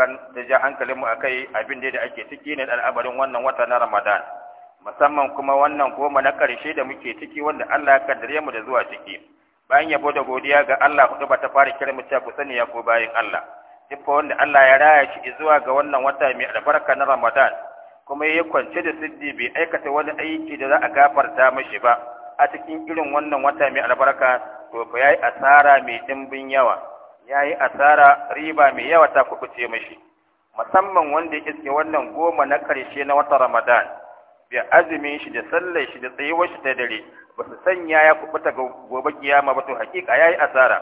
kan da ja hankalin mu akai abin da ake ciki ne al'amarin wannan wata na Ramadan, musamman kuma wannan goma na karshe da muke ciki wanda Allah ya kaddare mu da zuwa ciki. Bayan yabo da godiya ga Allah hudu ba ta fara kira mu ku sani ya ko bayin Allah. Duk wanda Allah ya raya shi zuwa ga wannan wata mai albarka na Ramadan, kuma ya kwance da siddi bai aikata wani aiki da za a gafarta mashi ba a cikin irin wannan wata mai albarka to fa yayi asara mai dimbin yawa ya yi asara riba mai yawa ta kubuce mashi musamman wanda ya iske wannan goma na karshe na watan ramadan bi azumin shi da sallar shi da tsayuwar shi ta dare ba su sanya ya kubuta gobe kiyama ba to hakika ya yi asara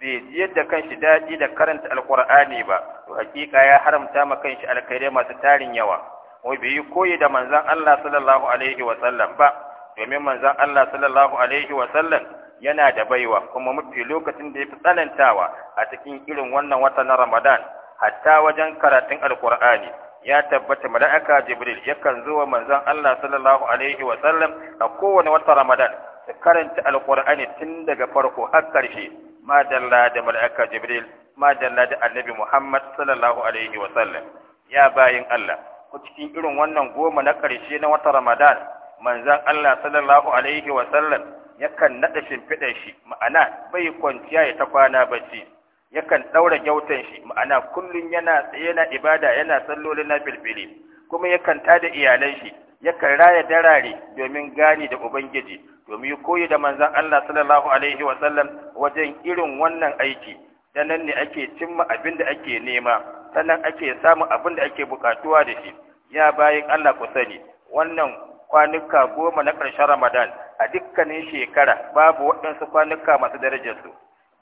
bai ji yadda kanshi daɗi da karanta alkur'ani ba to hakika ya haramta ma kanshi alkhairai masu tarin yawa ko bai yi koyi da manzon Allah sallallahu alaihi wa sallam ba domin manzon Allah sallallahu alaihi wa sallam yana da baiwa kuma mafi lokacin da ya fi tsanantawa a cikin irin wannan wata na Ramadan hatta wajen karatun Alkur'ani ya tabbata Mala'aka Jibril yakan zo wa manzon Allah sallallahu alaihi wa sallam a kowane wata Ramadan ta karanta Alkur'ani tun daga farko har ƙarshe ma dalla da mala'ika Jibril ma dalla da Annabi Muhammad sallallahu alaihi wa sallam ya bayin Allah ko cikin irin wannan goma na ƙarshe na wata Ramadan manzon Allah sallallahu alaihi wa sallam yakan naɗa shimfiɗan shi ma'ana bai kwanciya ya ta kwana bacci yakan ɗaura gyautan shi ma'ana kullum yana yana ibada yana sallolin na filfili kuma yakan tada iyalan shi yakan raya darare domin gani da ubangiji domin koyi da manzon Allah sallallahu alaihi wa sallam wajen irin wannan aiki ta nan ne ake cimma abin da ake nema ta nan ake samun abin da ake bukatuwa da shi ya bayan Allah ku sani wannan kwanuka goma na ƙarshen Ramadan a dukkanin shekara babu waɗansu kwanuka masu darajarsu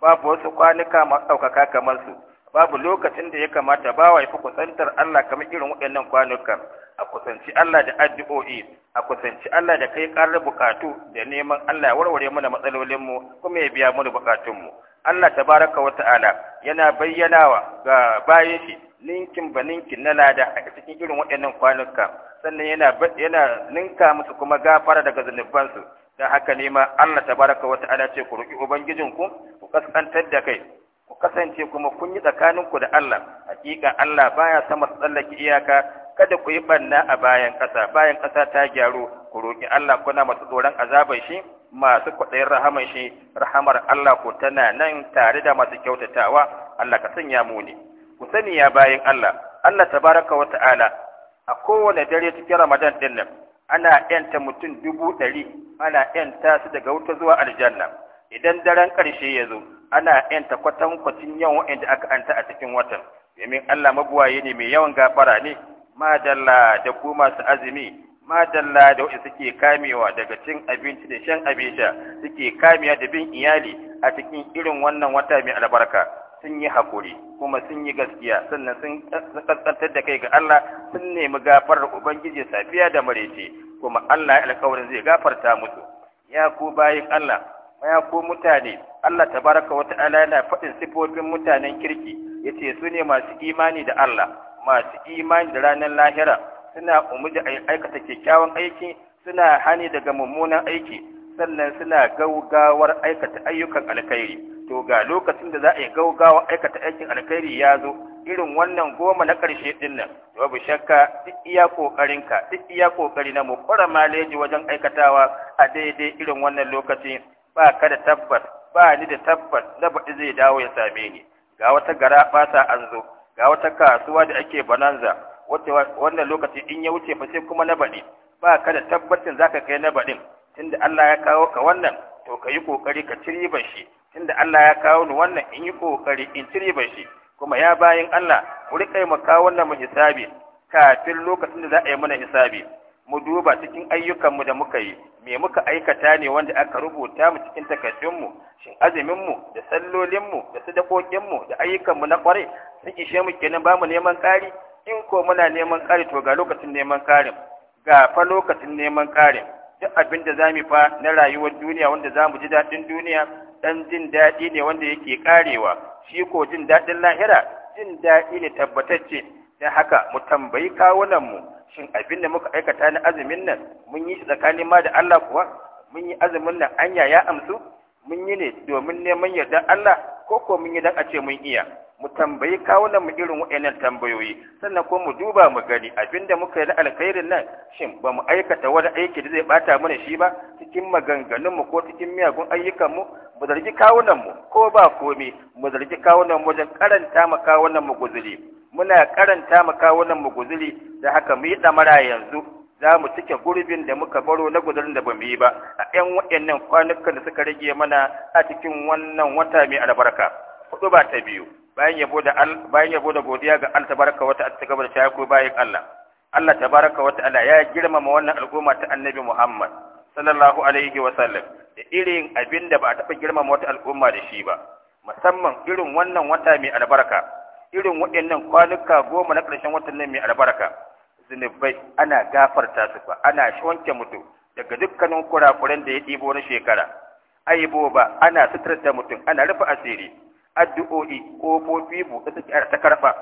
babu wasu kwanuka masu ɗaukaka kamar su babu lokacin da ya kamata wa ya fi kusantar Allah kamar irin waɗannan kwanuka, a kusanci Allah da addu'o'i a kusanci Allah da kai ƙarar bukatu da neman Allah ya warware mana matsalolinmu kuma ya biya mana bukatunmu Allah tabaraka wa ta'ala yana bayyanawa ga bayan shi ninkin ba ninkin na lada a cikin irin waɗannan kwanuka sannan yana yana ninka musu kuma gafara daga zunubansu da haka ne ma Allah tabaraka wa ta'ala ce ku roki ubangijinku ku kaskantar da kai ku kasance kuma kun yi tsakaninku da Allah hakika Allah baya sama tsallake iyaka kada ku yi banna a bayan ƙasa bayan ƙasa ta gyaru ku roƙi Allah kuna masu tsoron azabar shi masu kwaɗayin rahaman shi rahamar Allah ku tana nan tare da masu kyautatawa Allah ka sanya mu ne ku sani ya bayan Allah Allah tabaraka wa ta'ala a kowane dare cikin Ramadan din nan ana yanta mutum dubu ɗari ana ‘yanta su daga wuta zuwa aljanna idan daren ƙarshe ya zo ana ‘yanta kwatankwacin yawan waɗanda aka anta a cikin watan domin Allah mabuwaye ne mai yawan gafara ne madalla da ku masu azumi madalla da waɗanda suke kamewa daga cin abinci da shan abin suke kamewa da bin iyali a cikin irin wannan wata mai albarka sun yi haƙuri kuma sun yi gaskiya sannan sun kaskantar da kai ga Allah sun nemi gafarar Ubangiji safiya da marece kuma Allah ya alƙawarin zai gafarta musu ya ku bayin Allah ya ku mutane Allah tabaraka wa ta'ala yana faɗin sifofin mutanen kirki yace su ne masu imani da Allah masu imani da ranar lahira suna umurji a aikata kyakkyawan aiki suna hani daga mummunan aiki sannan suna gaugawar aikata ayyukan alkhairi to ga lokacin da za a yi gaugawar aikata aikin alkhairi ya zo irin wannan goma na ƙarshe ɗin nan babu shakka duk iya ƙoƙarinka duk iya ƙoƙari na mu ƙwara maleji wajen aikatawa a daidai irin wannan lokaci ba ka da tabbas ba ni da tabbas na baɗi zai dawo ya same ni ga wata gara ɓata an zo ga wata kasuwa da ake bananza wannan lokaci in ya wuce fa sai kuma na baɗi ba ka da tabbacin za ka kai na baɗin tunda Allah ya kawo ka wannan to ka yi ƙoƙari ka ciri bashi, shi tunda Allah ya kawo ni wannan in yi ƙoƙari in ciri ribar shi kuma ya bayin Allah mu riƙa mu wannan mu hisabi kafin lokacin da za a yi mana hisabi mu duba cikin ayyukanmu da muka yi me muka aikata ne wanda aka rubuta mu cikin takaddunmu shin azuminmu da sallolinmu da sadakokinmu da ayyukanmu na kwarai sun ishe mu kenan ba mu neman ƙari in ko muna neman ƙari to ga lokacin neman ƙarin ga fa lokacin neman ƙarin duk abin da za mu fa na rayuwar duniya wanda za mu ji daɗin duniya ɗan jin daɗi ne wanda yake ƙarewa shi jin daɗin lahira jin daɗi ne tabbatacce don haka mu tambayi kawunan mu. shin abin da muka aikata na azumin nan mun yi shi tsakanin ma da Allah kuwa mun yi azumin nan anya ya amsu mun yi ne domin neman yarda Allah ko ko mun yi dan a ce mun iya mu tambayi kawunan mu irin waɗannan tambayoyi sannan ko mu duba mu gani abinda muka yi na alkhairin nan shin ba mu aikata wani aiki da zai bata mana shi ba cikin maganganun mu ko cikin miyagun ayyukan mu mu zargi kawunan mu ko ba komi? mu zargi kawunan mu wajen karanta ma kawunan mu guzuri muna karanta ma kawunan mu guzuri da haka mu yi damara yanzu za mu cike gurbin da muka baro na gudarin da bamu yi ba a ɗan waɗannan kwanukan da suka rage mana a cikin wannan wata mai albarka hudu ba ta biyu bayan yabo da bayan yabo da godiya ga Allah tabaraka wa ta'ala cikin da shayi ko bayan Allah Allah tabaraka wa ta'ala ya girmama wannan al'umma ta Annabi Muhammad sallallahu alaihi wa sallam da irin abin da ba a taɓa girmama wata al'umma da shi ba musamman irin wannan wata mai albarka irin waɗannan kwanuka goma na ƙarshen watan nan mai albarka zunubai ana gafarta su ba ana wanke mutum daga dukkanin kurakuran da ya ɗibo na shekara aibo ba ana sutar da mutum ana rufe asiri addu'o'i ƙofofi buɗe suke ta karɓa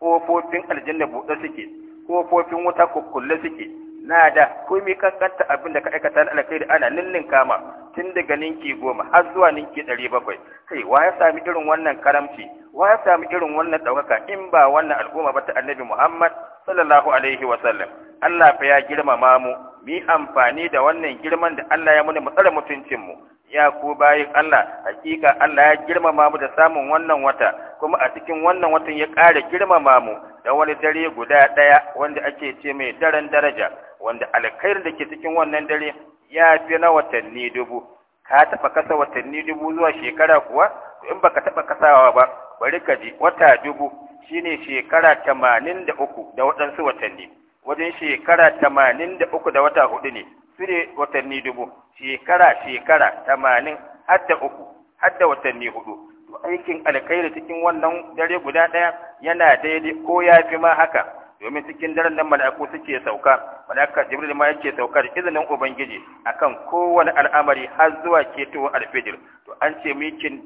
ƙofofin aljanna buɗe suke kofofin wuta kukkulle suke nada komai ka kanta abin da ka aikata na da ana ninnin kama tun daga ninki goma har zuwa ninki ɗari bakwai kai wa ya sami irin wannan karamci wa ya sami irin wannan ɗaukaka in ba wannan al'umma ba ta annabi muhammad sallallahu alaihi wa sallam allah fa ya girmama mu mi amfani da wannan girman da allah ya muni mu tsare mutuncin mu ya ku bayin Allah hakika Allah ya girmama mu da samun wannan wata kuma a cikin wannan watan ya ƙara girmama mu da wani dare guda ɗaya wanda ake ce mai daren daraja wanda alkhairin da ke cikin wannan dare ya fi na watanni dubu ka taɓa kasa watanni dubu zuwa shekara kuwa in baka taɓa kasawa ba bari ka ji wata dubu shine shekara tamanin da uku da waɗansu watanni wajen shekara tamanin da uku da wata hudu ne su ne watanni dubu shekara shekara tamanin har da uku har da watanni hudu aikin alkhairi cikin wannan dare guda ɗaya yana daidai ko ya fi ma haka domin cikin daren nan mala'iku suke sauka mala'ika jibril ma yake sauka da izinin ubangiji akan kowane al'amari har zuwa ketowar alfijir to an ce mu can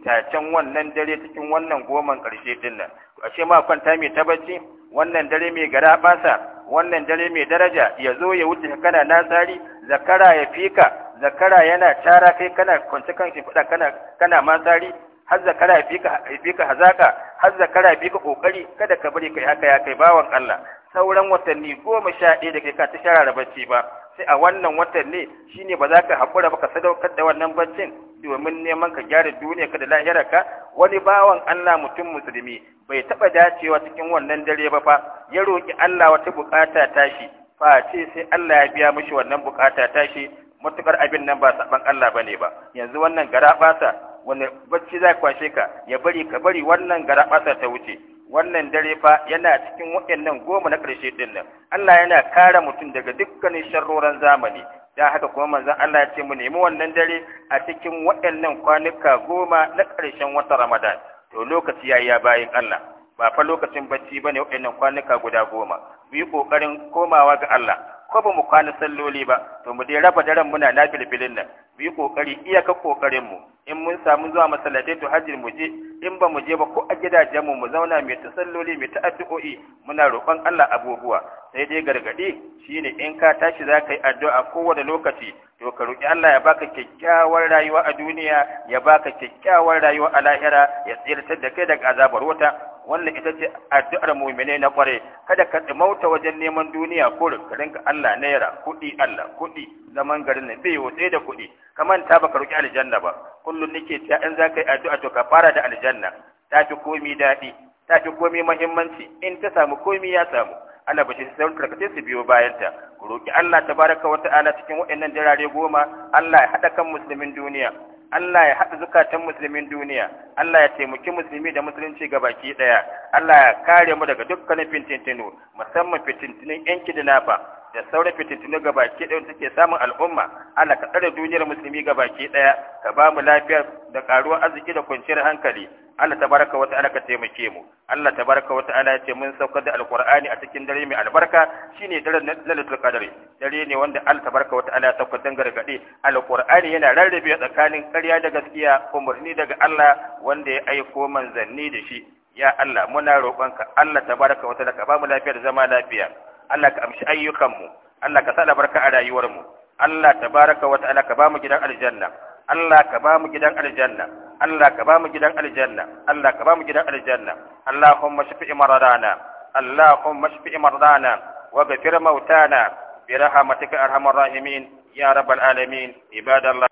wannan dare cikin wannan goman karshe din nan to ashe ma kwanta mai tabbaci wannan dare mai gara basa wannan dare mai daraja ya zo ya wuce kana na tsari zakara ya fika zakara yana tara kai kana kwance kan shi fada kana kana tsari. har zakara fi ka hazaka har zakara fi ka kokari kada ka bari kai haka ya kai bawan Allah sauran watanni goma sha ɗaya da kai ka ta sharara bacci ba sai a wannan watanni shine ba za ka haƙura ba ka sadaukar da wannan baccin domin neman ka gyara duniya ka da ka wani bawan Allah mutum musulmi bai taɓa dacewa cikin wannan dare ba fa ya roƙi Allah wata bukata tashi fa ce sai Allah ya biya mishi wannan bukata tashi matukar abin nan ba saban Allah bane ba yanzu wannan gara basa wanda bacci za kwashe ka ya bari ka bari wannan garaɓasa ta wuce wannan dare fa yana cikin waɗannan goma na ƙarshe ɗin nan Allah yana kare mutum daga dukkanin sharroran zamani da haka kuma manzon Allah ya ce mu nemi wannan dare a cikin waɗannan kwanuka goma na ƙarshen watan Ramadan to lokaci yayi ya bayin Allah ba fa lokacin bacci ba ne waɗannan kwanuka guda goma mu yi ƙoƙarin komawa ga Allah ko ba mu kwana salloli ba to mu dai raba daren muna na filfilin nan mu yi ƙoƙari iyaka ƙoƙarin mu in mun samu zuwa masallatai to hajjin mu je in ba mu je ba ko a gidajen mu mu zauna mai ta salloli mai ta addu'o'i muna roƙon Allah abubuwa sai dai gargaɗi shine in ka tashi za ka yi addu'a kowane lokaci to ka roƙi Allah ya baka kyakkyawar rayuwa a duniya ya baka kyakkyawar rayuwa a lahira ya tsirtar da kai daga azabar wuta wannan ita ce addu'ar mu'mini na kware kada ka mauta wajen neman duniya kurin ka rinka Allah naira kuɗi Allah kuɗi zaman garin nan bai wuce da kuɗi ka manta baka roki aljanna ba kullun nake ta in za ka yi addu'a to ka fara da aljanna ta fi komi daɗi ta fi komi muhimmanci in ta samu komi ya samu Allah ba shi ka kace su biyo bayan ta ku roki Allah tabaraka wa ta'ala cikin waɗannan dirare goma Allah ya haɗa kan musulmin duniya Allah ya haɗa zukatan musulmin duniya, Allah ya taimaki musulmi da musulunci ga baki ɗaya, Allah ya kare mu daga dukkanin fitintinu, musamman fitintinun ‘yan kidinafa, da sauran fitintinu ga baki ɗaya suke samun al'umma, Allah ka tsare duniyar musulmi ga baki ɗaya, ka ba mu lafiya da ƙaruwar arziki da kwanciyar hankali, Allah tabaraka wa ta'ala ka taimake mu Allah tabaraka wa ta'ala ya ce mun saukar da alqur'ani a cikin dare mai albarka shine daren lailatul qadr dare ne wanda Allah tabaraka wa ta'ala ya saukar dan gargade alqur'ani yana rarrabe tsakanin ƙarya da gaskiya umarni daga Allah wanda ya aiko manzanni da shi ya Allah muna roƙonka Allah tabaraka wa ta'ala ka ba mu lafiya da zama lafiya Allah ka amshi ayyukanmu. Allah ka sa albarka a rayuwarmu. mu Allah tabaraka wa ta'ala ka ba mu gidan aljanna Allah ka ba mu gidan aljanna الله كبام جدان الجنة الله كبام جدان الجنة اللهم اشف مرضانا اللهم اشف مرضانا واغفر موتانا برحمتك أرحم الراحمين يا رب العالمين عباد الله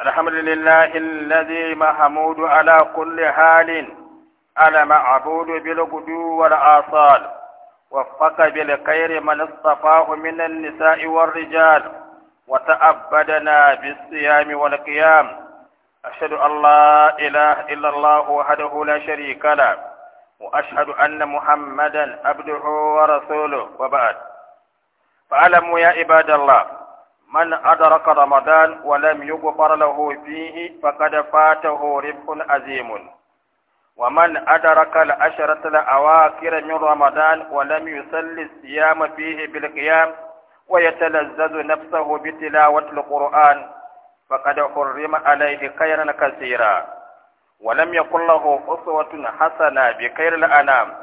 الحمد لله الذي محمود على كل حال على معبود بالغدو والآصال وفق بالخير من اصطفاه من النساء والرجال وتأبدنا بالصيام والقيام أشهد أن لا إله إلا الله وحده لا شريك له وأشهد أن محمدا عبده ورسوله وبعد فاعلموا يا عباد الله من أدرك رمضان ولم يغفر له فيه فقد فاته ربح عظيم ومن أدرك العشرة الأواخر من رمضان ولم يصل الصيام فيه بالقيام ويتلذذ نفسه بتلاوة القرآن فقد حرم عليه خيرا كثيرا ولم يكن له أسوة حسنة بخير الأنام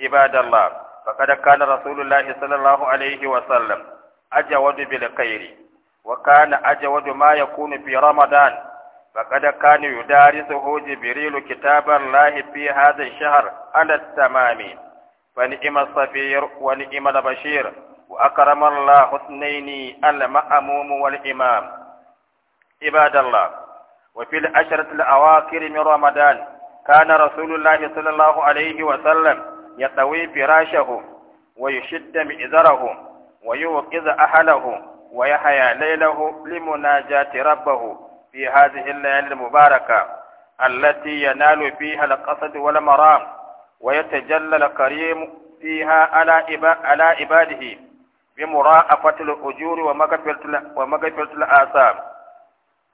عباد الله فقد كان رسول الله صلى الله عليه وسلم أجود بالخير وكان أجود ما يكون في رمضان فقد كان يدارسه جبريل كتاب الله في هذا الشهر على التمام فنئم الصفير ونئم البشير وأكرم الله اثنين المأموم والإمام عباد الله وفي العشرة الأواخر من رمضان كان رسول الله صلى الله عليه وسلم يطوي فراشه ويشد مئزره ويوقظ أهله ويحيا ليله لمناجاة ربه في هذه الليالي المباركة التي ينال فيها القصد والمرام ويتجلى الكريم فيها على عباده بمراءفة الأجور ومغفرة الآثام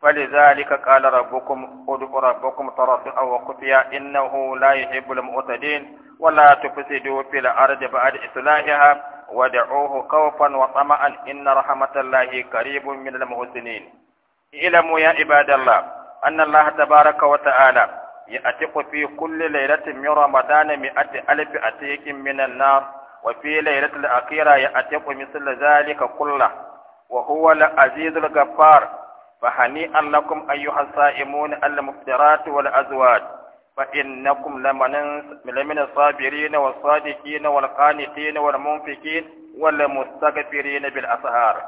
فلذلك قال ربكم ادعوا ربكم ترفعا وخفيا انه لا يحب المعتدين ولا تفسدوا في الارض بعد اصلاحها ودعوه خوفا وطمعا ان رحمه الله قريب من المحسنين اعلموا يا عباد الله ان الله تبارك وتعالى يأتق في كل ليلة من رمضان مئة ألف أتيك من النار وفي ليلة الأخيرة يأتق مثل ذلك كله وهو العزيز الغفار فهنيئا لكم أيها الصائمون المفطرات والأزواج فإنكم لمن الصابرين والصادقين والقانتين والمنفقين والمستغفرين بالأسهار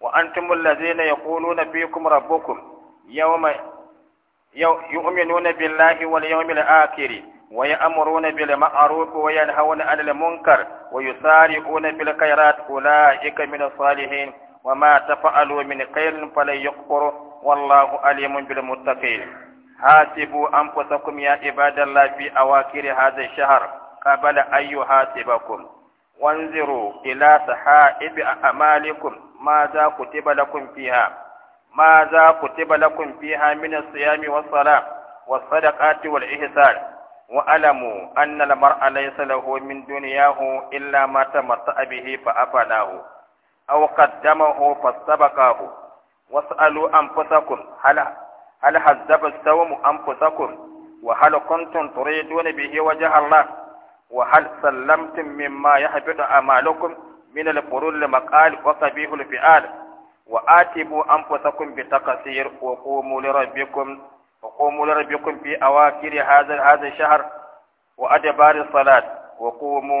وأنتم الذين يقولون فيكم ربكم يوم يؤمنون بالله واليوم الآخر ويأمرون بالمعروف وينهون عن المنكر ويسارعون في الخيرات أولئك من الصالحين وما تفعلوا من خير فلن يكفره والله عليم بالمتقين حاسبوا أنفسكم يا عباد الله في أواخر هذا الشهر قبل أن يحاسبكم وانظروا إلى صحائب أعمالكم ماذا كتب لكم فيها ماذا كتب لكم فيها من الصيام والصلاة والصدقات والإحسان وألموا أن المرء ليس له من دنياه إلا ما تمتع به فأفناه aw qaddamahu fastabaqahu was'alu anfusakum hal hal hazzaba sawmu anfusakum wa hal kuntum turiduna bihi wajha Allah wa hal sallamtum mimma yahbitu amalukum min al-furul maqal wa sabihul fi'al wa atibu anfusakum bi taqsir wa qumu li rabbikum wa qumu li rabbikum salat wa qumu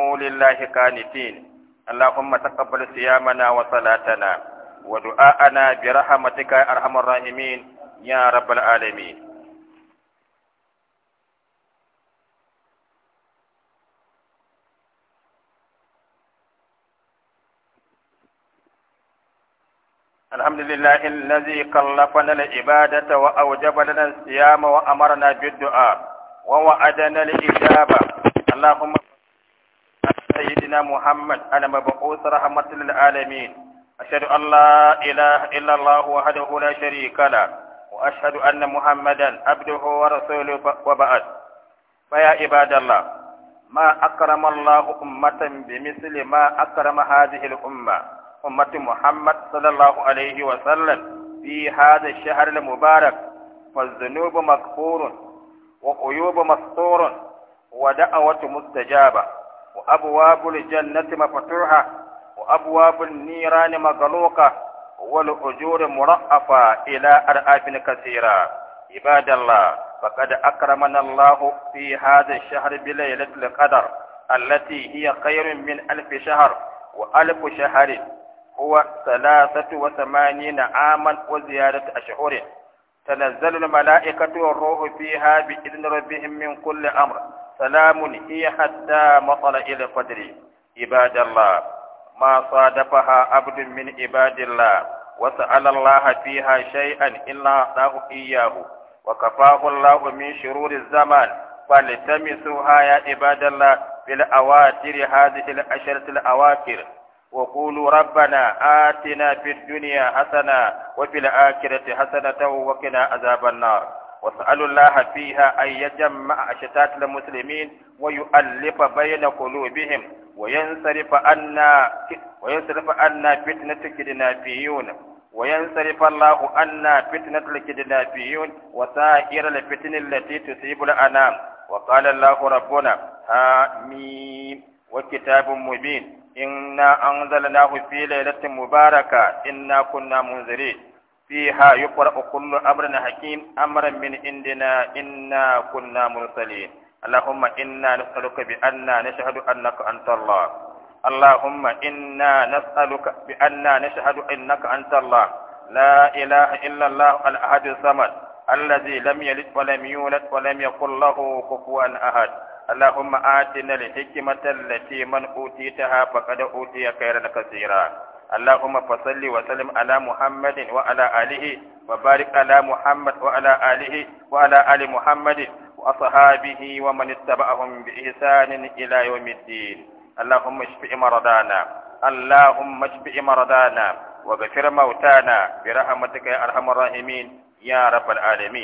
اللهم تقبل صيامنا وصلاتنا ودعاءنا برحمتك يا أرحم الراحمين يا رب العالمين الحمد لله الذي كلفنا العبادة وأوجب لنا الصيام وأمرنا بالدعاء ووعدنا الإجابة اللهم سيدنا محمد المبعوث رحمة للعالمين أشهد أن لا إله إلا الله وحده لا شريك له وأشهد أن محمدا عبده ورسوله وبعد فيا عباد الله ما أكرم الله أمة بمثل ما أكرم هذه الأمة أمة محمد صلى الله عليه وسلم في هذا الشهر المبارك والذنوب مغفور وعيوب مستور ودعوة مستجابة وأبواب الجنة مفتوحة وأبواب النيران مغلوقة والأجور مرأفة إلى أرآف كثيرة عباد الله فقد أكرمنا الله في هذا الشهر بليلة القدر التي هي خير من ألف شهر وألف شهر هو ثلاثة وثمانين عاما وزيادة أشهر تنزل الملائكة والروح فيها بإذن ربهم من كل أمر سلام هي حتى مطلع الفجر عباد الله ما صادفها عبد من عباد الله وسأل الله فيها شيئا إلا أعطاه إياه وكفاه الله من شرور الزمان فالتمسوها يا عباد الله في الأواتر هذه العشرة الأواخر وقولوا ربنا آتنا في الدنيا حسنة وفي الآخرة حسنة وقنا عذاب النار واسأل الله فيها أن يجمع أشتات المسلمين ويؤلف بين قلوبهم وينصرف عنا وينصرف عنا فتنة الكدنافيون وينصرف الله عنا فتنة الكدنافيون وسائر الفتن التي تصيب الأنام وقال الله ربنا حميم وكتاب مبين إنا أنزلناه في ليلة مباركة إنا كنا منذرين فيها يقرأ كل أمر حكيم أمرا من عندنا إنا كنا مرسلين اللهم إنا نسألك بأننا نشهد أنك أنت الله اللهم إنا نسألك بأننا نشهد أنك أنت الله لا إله إلا الله الأحد الصمد الذي لم يلد ولم يولد ولم يكن له كفوا أحد اللهم آتنا الحكمة التي من أوتيتها فقد أوتي خيرا كثيرا اللهم فصل وسلم على محمد وعلى آله وبارك على محمد وعلى آله وعلى آل محمد وأصحابه ومن اتبعهم بإحسان إلى يوم الدين اللهم اشف مرضانا اللهم اشف مرضانا وغفر موتانا برحمتك يا أرحم الراحمين يا رب العالمين